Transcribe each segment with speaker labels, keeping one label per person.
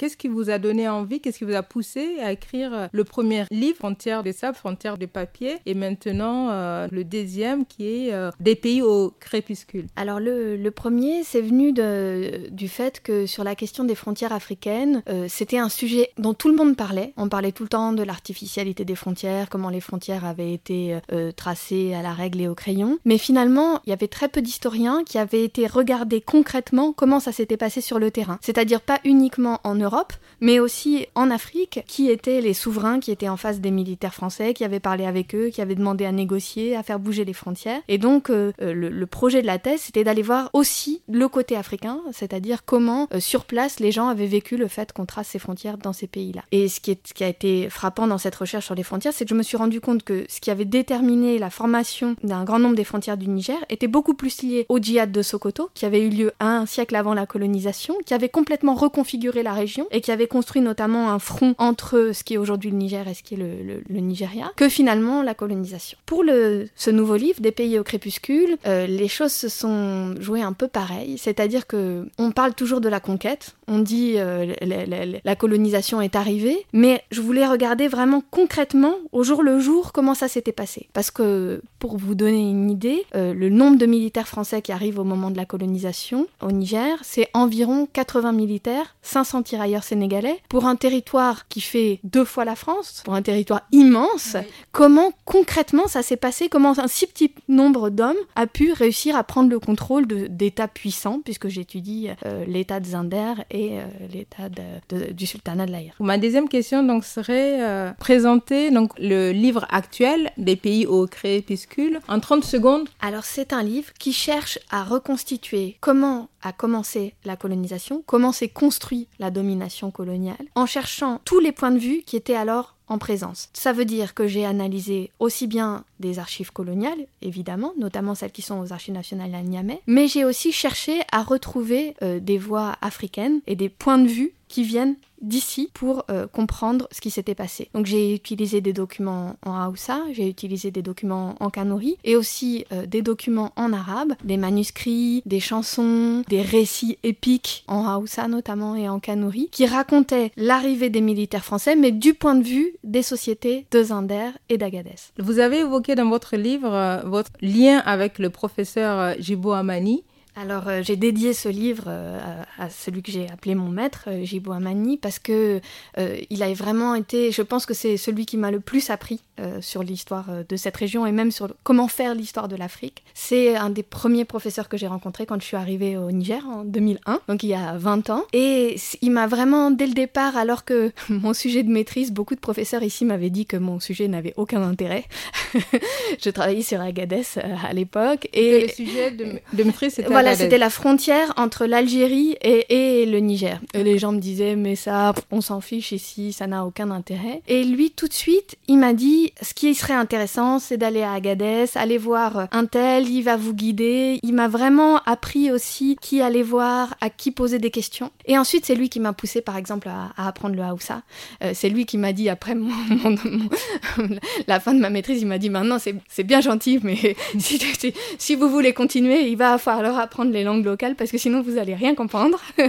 Speaker 1: Qu'est-ce qui vous a donné envie Qu'est-ce qui vous a poussé à écrire euh, le premier livre, Frontières des sables, Frontières des Papiers, et maintenant euh, le deuxième qui est euh, Des pays au crépuscule
Speaker 2: Alors le, le premier, c'est venu de, du fait que sur la question des frontières africaines, euh, c'était un sujet dont tout le monde parlait. On parlait tout le temps de l'artificialité des frontières, comment les frontières avaient été tracées à la règle et au crayon. Mais finalement, il y avait très peu d'historiens qui avaient été regarder concrètement comment ça s'était passé sur le terrain. C'est-à-dire pas uniquement en Europe, mais aussi en Afrique, qui étaient les souverains qui étaient en face des militaires français, qui avaient parlé avec eux, qui avaient demandé à négocier, à faire bouger les frontières. Et donc euh, euh, le, projet de la thèse, c'était d'aller voir aussi le côté africain, c'est-à-dire comment euh, sur place les gens avaient vécu le fait qu'on trace ces frontières dans ces pays-là. Et ce qui, est, ce qui a été frappant dans cette recherche sur les frontières, c'est que je me suis rendu compte que ce qui avait déterminé la formation d'un grand nombre des frontières du Niger était beaucoup plus lié au djihad de Sokoto, qui avait eu lieu un siècle avant la colonisation, qui avait complètement reconfiguré la région et qui avait construit notamment un front entre ce qui est aujourd'hui le Niger et ce qui est le, Nigeria, que finalement la colonisation. Pour le, ce nouveau livre, Des pays au crépuscule, euh, les choses se sont jouées un peu pareilles, c'est-à-dire que on parle toujours de la conquête, on dit euh, la, colonisation est arrivée, mais je voulais regarder vraiment concrètement, au jour le jour, comment ça s'était passé. Parce que, pour vous donner une idée, euh, le nombre de militaires français qui arrivent au moment de la colonisation au Niger, c'est environ 80 militaires, 500 ailleurs sénégalais, pour un territoire qui fait deux fois la France, pour un territoire immense, comment concrètement ça s'est passé Comment un si petit nombre d'hommes a pu réussir à prendre le contrôle d'États puissants, puisque j'étudie euh, l'État de Zinder et euh, l'État du sultanat de l'Aïr.
Speaker 1: Ma deuxième question donc serait euh, présenter donc le livre actuel
Speaker 2: des pays au crépuscule en 30 secondes. Alors c'est un livre qui cherche à reconstituer comment a commencé la colonisation, comment s'est construit la domination coloniale, en cherchant tous les points de vue qui étaient alors en présence. Ça veut dire que j'ai analysé aussi bien des archives coloniales, évidemment, notamment celles qui sont aux archives nationales à Niamey, mais j'ai aussi cherché à retrouver euh, des voix africaines et des points de vue qui viennent d'ici pour euh, comprendre ce qui s'était passé. Donc j'ai utilisé des documents en Haoussa, j'ai utilisé des documents en Kanuri et aussi euh, des documents en arabe, des manuscrits, des chansons, des récits épiques en Haoussa notamment et en Kanuri qui racontaient l'arrivée des militaires français mais du point de vue des sociétés de Zinder et d'Agadez.
Speaker 1: Vous avez évoqué dans votre livre euh, votre lien avec le professeur euh, Jibo Amani
Speaker 2: alors euh, j'ai dédié ce livre euh, à, celui que j'ai appelé mon maître, euh, Amani, parce que il a vraiment été, je pense que c'est celui qui m'a le plus appris sur l'histoire de cette région et même sur comment faire l'histoire de l'Afrique. C'est un des premiers professeurs que j'ai rencontré quand je suis arrivée au Niger en 2001, donc il y a 20 ans. Et il m'a vraiment, dès le départ, alors que mon sujet de maîtrise, beaucoup de professeurs ici m'avaient dit que mon sujet n'avait aucun intérêt. je travaillais sur Agadez à l'époque. Et, le sujet de, maîtrise, c'était c'était la frontière entre l'Algérie et, le Niger. Et les gens me disaient, mais ça, on s'en fiche ici, ça n'a aucun intérêt. Et lui, tout de suite, il m'a dit, ce qui serait intéressant, c'est d'aller à Agadez, aller voir un tel, il va vous guider. Il m'a vraiment appris aussi qui aller voir, à qui poser des questions. Et ensuite, c'est lui qui m'a poussé, par exemple, à, apprendre le Haoussa. Euh, c'est lui qui m'a dit, après la fin de ma maîtrise, il m'a dit, maintenant, c'est bien gentil, mais si, si, vous voulez continuer, il va falloir apprendre apprendre les langues locales parce que sinon vous allez rien comprendre.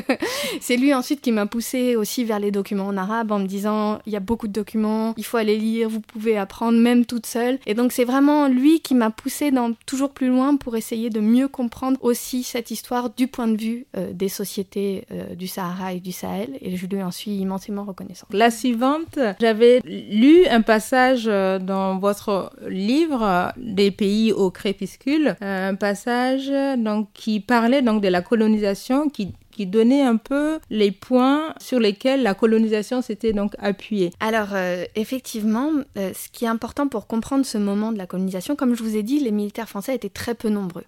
Speaker 2: c'est lui ensuite qui m'a poussé aussi vers les documents en arabe en me disant il y a beaucoup de documents, il faut aller lire, vous pouvez apprendre même toute seule. Et donc c'est vraiment lui qui m'a poussé dans toujours plus loin pour essayer de mieux comprendre aussi cette histoire du point de vue euh, des sociétés euh, du Sahara et du Sahel et je lui en suis immensément reconnaissante.
Speaker 1: La suivante, j'avais lu un passage euh, dans votre livre des pays au crépuscule, un passage donc qui il parlait donc de la colonisation, qui, donnait un peu les points sur lesquels la
Speaker 2: colonisation s'était donc appuyée. Alors euh, effectivement, euh, ce qui est important pour comprendre ce moment de la colonisation, comme je vous ai dit, les militaires français étaient très peu nombreux.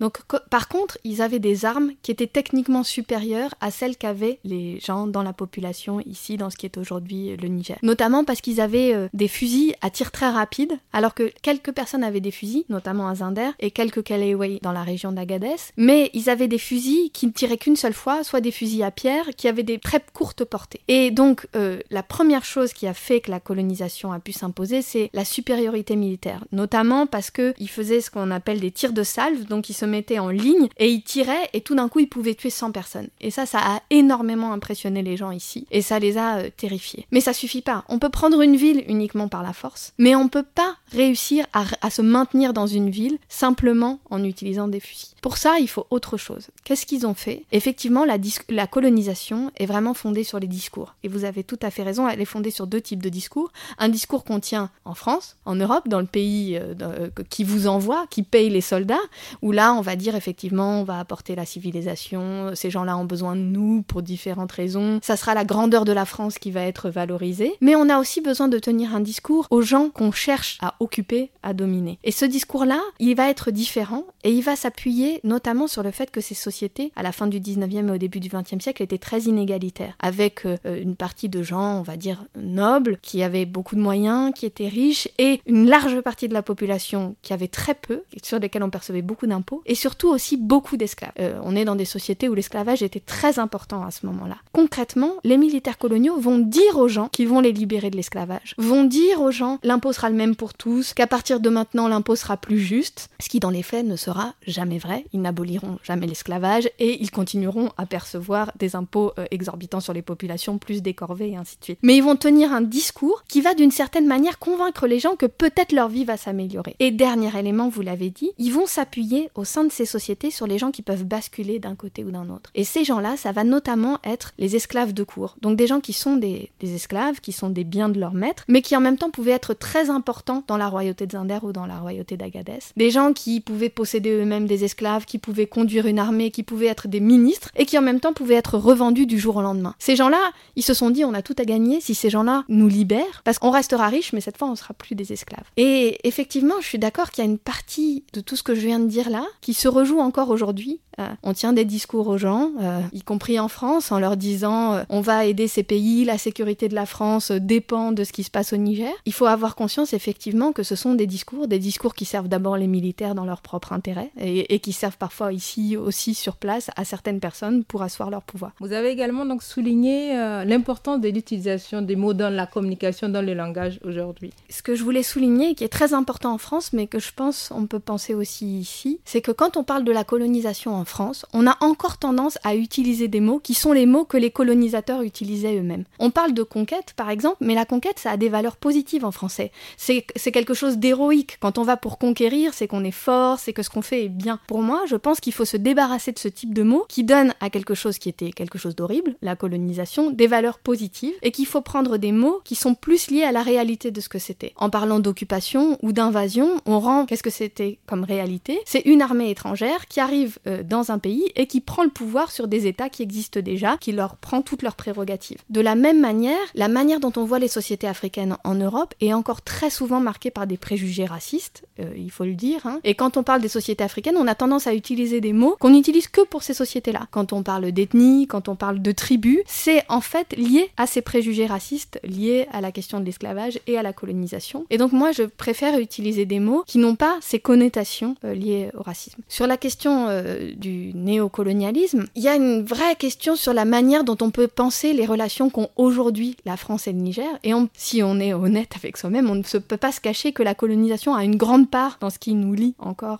Speaker 2: Donc, par contre, ils avaient des armes qui étaient techniquement supérieures à celles qu'avaient les gens dans la population ici, dans ce qui est aujourd'hui euh, le Niger. Notamment parce qu'ils avaient euh, des fusils à tir très rapide, alors que quelques personnes avaient des fusils, notamment à Zinder et quelques Kalewei dans la région d'Agadez. Mais ils avaient des fusils qui ne tiraient qu'une seule fois, soit des fusils à pierre, qui avaient des très courtes portées. Et donc, euh, la première chose qui a fait que la colonisation a pu s'imposer, c'est la supériorité militaire. Notamment parce qu'ils faisaient ce qu'on appelle des tirs de salve, donc ils se mettaient en ligne et ils tiraient et tout d'un coup ils pouvaient tuer 100 personnes. Et ça, ça a énormément impressionné les gens ici et ça les a euh, terrifiés. Mais ça suffit pas. On peut prendre une ville uniquement par la force, mais on peut pas réussir à, se maintenir dans une ville simplement en utilisant des fusils. Pour ça, il faut autre chose. Qu'est-ce qu'ils ont fait Effectivement, la, colonisation est vraiment fondée sur les discours. Et vous avez tout à fait raison, elle est fondée sur deux types de discours. Un discours qu'on tient en France, en Europe, dans le pays euh, euh, qui vous envoie, qui paye les soldats, où là, on va dire effectivement, on va apporter la civilisation, euh, ces gens-là ont besoin de nous pour différentes raisons, ça sera la grandeur de la France qui va être valorisée, mais on a aussi besoin de tenir un discours aux gens qu'on cherche à occuper, à dominer. Et ce discours-là, il va être différent et il va s'appuyer notamment sur le fait que ces sociétés, à la fin du 19e et au début du 20e siècle, étaient très inégalitaires, avec euh, euh, une partie de gens, on va dire, nobles, qui avaient beaucoup de moyens, qui étaient riches, et une large partie de la population qui avait très peu, sur lesquels on percevait beaucoup d'impôts et surtout aussi beaucoup d'esclaves. Euh, on est dans des sociétés où l'esclavage était très important à ce moment-là. Concrètement, les militaires coloniaux vont dire aux gens qu'ils vont les libérer de l'esclavage, vont dire aux gens l'impôt sera le même pour tous, qu'à partir de maintenant l'impôt sera plus juste, ce qui dans les faits ne sera jamais vrai. Ils n'aboliront jamais l'esclavage et ils continueront à percevoir des impôts euh, exorbitants sur les populations, plus des et ainsi de suite. Mais ils vont tenir un discours qui va d'une certaine manière convaincre les gens que peut-être leur vie va s'améliorer. Et dernier élément, vous l'avez dit, ils vont s'appuyer au sein de ces sociétés sur les gens qui peuvent basculer d'un côté ou d'un autre. Et ces gens-là, ça va notamment être les esclaves de cour, donc des gens qui sont des, esclaves, qui sont des biens de leur maître, mais qui en même temps pouvaient être très importants dans la royauté de Zinder ou dans la royauté d'Agadès. Des gens qui pouvaient posséder eux-mêmes des esclaves, qui pouvaient conduire une armée, qui pouvaient être des ministres et qui en même temps pouvaient être revendus du jour au lendemain. Ces gens-là, ils se sont dit on a tout à gagner si ces gens-là nous libèrent parce qu'on restera riche mais cette fois on sera plus des esclaves. Et effectivement, je suis d'accord qu'il y a une partie de tout ce que je viens de dire qui se rejoue encore aujourd'hui euh, on tient des discours aux gens, euh, y compris en France, en leur disant euh, on va aider ces pays, la sécurité de la France dépend de ce qui se passe au Niger. Il faut avoir conscience effectivement que ce sont des discours, des discours qui servent d'abord les militaires dans leur propre intérêt et, qui servent parfois ici aussi sur place à certaines personnes pour asseoir leur pouvoir.
Speaker 1: Vous avez également donc souligné l'importance de l'utilisation des mots dans la communication, dans le langage aujourd'hui.
Speaker 2: Ce que je voulais souligner, qui est très important en France, mais que je pense on peut penser aussi ici, c'est que quand on parle de la colonisation en France, on a encore tendance à utiliser des mots qui sont les mots que les colonisateurs utilisaient eux-mêmes. On parle de conquête, par exemple, mais la conquête, ça a des valeurs positives en français. C'est quelque chose d'héroïque. Quand on va pour conquérir, c'est qu'on est fort, c'est que ce qu'on fait est bien. Pour moi, je pense qu'il faut se débarrasser de ce type de mots qui donnent à quelque chose qui était quelque chose d'horrible, la colonisation, des valeurs positives, et qu'il faut prendre des mots qui sont plus liés à la réalité de ce que c'était. En parlant d'occupation ou d'invasion, on rend qu'est-ce que c'était comme réalité C'est une armée étrangère qui arrive dans euh, un pays et qui prend le pouvoir sur des États qui existent déjà, qui leur prend toutes leurs prérogatives. De la même manière, la manière dont on voit les sociétés africaines en Europe est encore très souvent marquée par des préjugés racistes, euh, il faut le dire. Hein. Et quand on parle des sociétés africaines, on a tendance à utiliser des mots qu'on n'utilise que pour ces sociétés-là. Quand on parle d'ethnie, quand on parle de tribu, c'est en fait lié à ces préjugés racistes, lié à la question de l'esclavage et à la colonisation. Et donc moi, je préfère utiliser des mots qui n'ont pas ces connotations euh, liées au racisme. Sur la question euh, du néocolonialisme, il y a une vraie question sur la manière dont on peut penser les relations qu'ont aujourd'hui la France et le Niger. Et si on est honnête avec soi-même, on ne peut pas se cacher que la colonisation a une grande part dans ce qui nous lie encore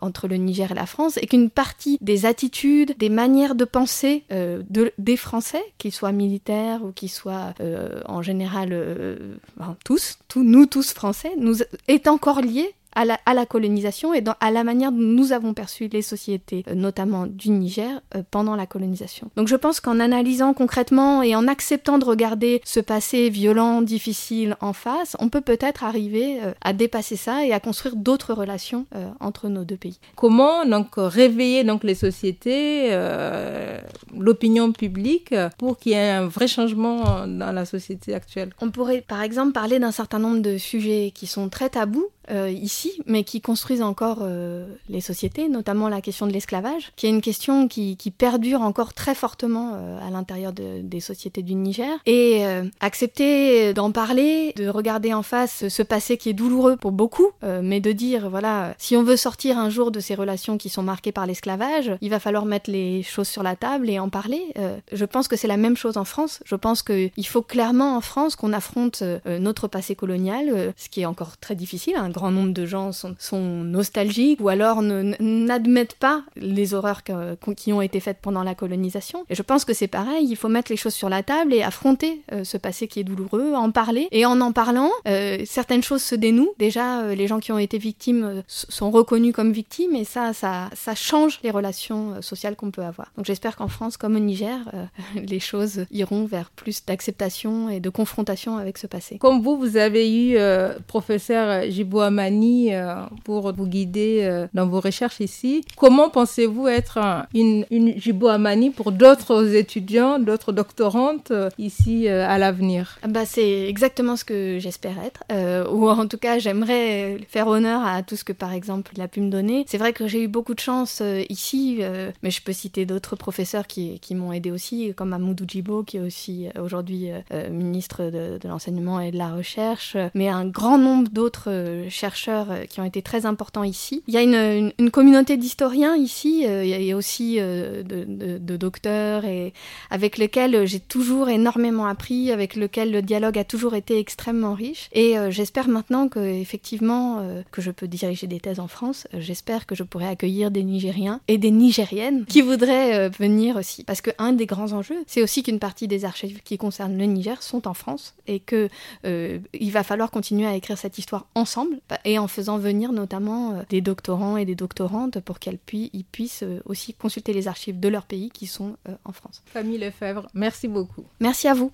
Speaker 2: entre le Niger et la France, et qu'une partie des attitudes, des manières de penser euh, de, des Français, qu'ils soient militaires ou qu'ils soient euh, en général euh, ben, tous, nous tous Français, nous est encore liée à la, à la colonisation et dans, à la manière dont nous avons perçu les sociétés, euh, notamment du Niger, euh, pendant la colonisation. Donc je pense qu'en analysant concrètement et en acceptant de regarder ce passé violent, difficile en face, on peut peut-être arriver euh, à dépasser ça et à construire d'autres relations entre nos deux pays.
Speaker 1: Comment donc réveiller donc les sociétés, l'opinion publique pour qu'il y ait un vrai changement dans la société actuelle
Speaker 2: On pourrait par exemple parler d'un certain nombre de sujets qui sont très tabous euh, ici, mais qui construisent encore euh, les sociétés, notamment la question de l'esclavage, qui est une question qui, qui perdure encore très fortement euh, à l'intérieur de, des sociétés du Niger. Et accepter d'en parler, de regarder en face ce passé qui est douloureux pour beaucoup, mais de dire, voilà, si on veut sortir un jour de ces relations qui sont marquées par l'esclavage, il va falloir mettre les choses sur la table et en parler. je pense que c'est la même chose en France. Je pense qu'il faut clairement en France qu'on affronte notre passé colonial, ce qui est encore très difficile. Hein, grand nombre de gens sont, sont nostalgiques ou alors n'admettent pas les horreurs qui ont été faites pendant la colonisation. Et je pense que c'est pareil, il faut mettre les choses sur la table et affronter euh, ce passé qui est douloureux, en parler. Et en en parlant, euh, certaines choses se dénouent. Déjà, euh, les gens qui ont été victimes sont reconnus comme victimes et ça, ça, ça change les relations sociales qu'on peut avoir. Donc j'espère qu'en France, comme au Niger, les choses iront vers plus d'acceptation et de confrontation avec ce passé.
Speaker 1: Comme vous, vous avez eu, professeur Jiboua euh, pour vous guider euh, dans vos recherches ici. Comment pensez-vous être une, une Jibo Amani pour d'autres étudiants, d'autres doctorantes euh, ici à
Speaker 2: l'avenir ah bah, C'est exactement ce que j'espère être, ou en tout cas j'aimerais faire honneur à tout ce que par exemple il a pu me donner. C'est vrai que j'ai eu beaucoup de chance ici, mais je peux citer d'autres professeurs qui, m'ont aidé aussi, comme Amoudou Jibo, qui est aussi aujourd'hui ministre de, de l'enseignement et de la recherche, mais un grand nombre d'autres chercheurs euh, qui ont été très importants ici. Il y a une, communauté d'historiens ici, euh, il y a aussi euh, de, docteurs, et avec lesquels j'ai toujours énormément appris, avec lesquels le dialogue a toujours été extrêmement riche. Et j'espère maintenant que, effectivement, que je peux diriger des thèses en France. J'espère que je pourrai accueillir des Nigériens et des Nigériennes qui voudraient venir aussi. Parce qu'un des grands enjeux, c'est aussi qu'une partie des archives qui concernent le Niger sont en France et qu'il va falloir continuer à écrire cette histoire ensemble et en faisant venir notamment euh, des doctorants et des doctorantes pour qu'elles puissent euh, aussi consulter les archives de leur pays qui sont euh, en France.
Speaker 1: Famille Lefebvre, merci beaucoup.
Speaker 2: Merci à vous.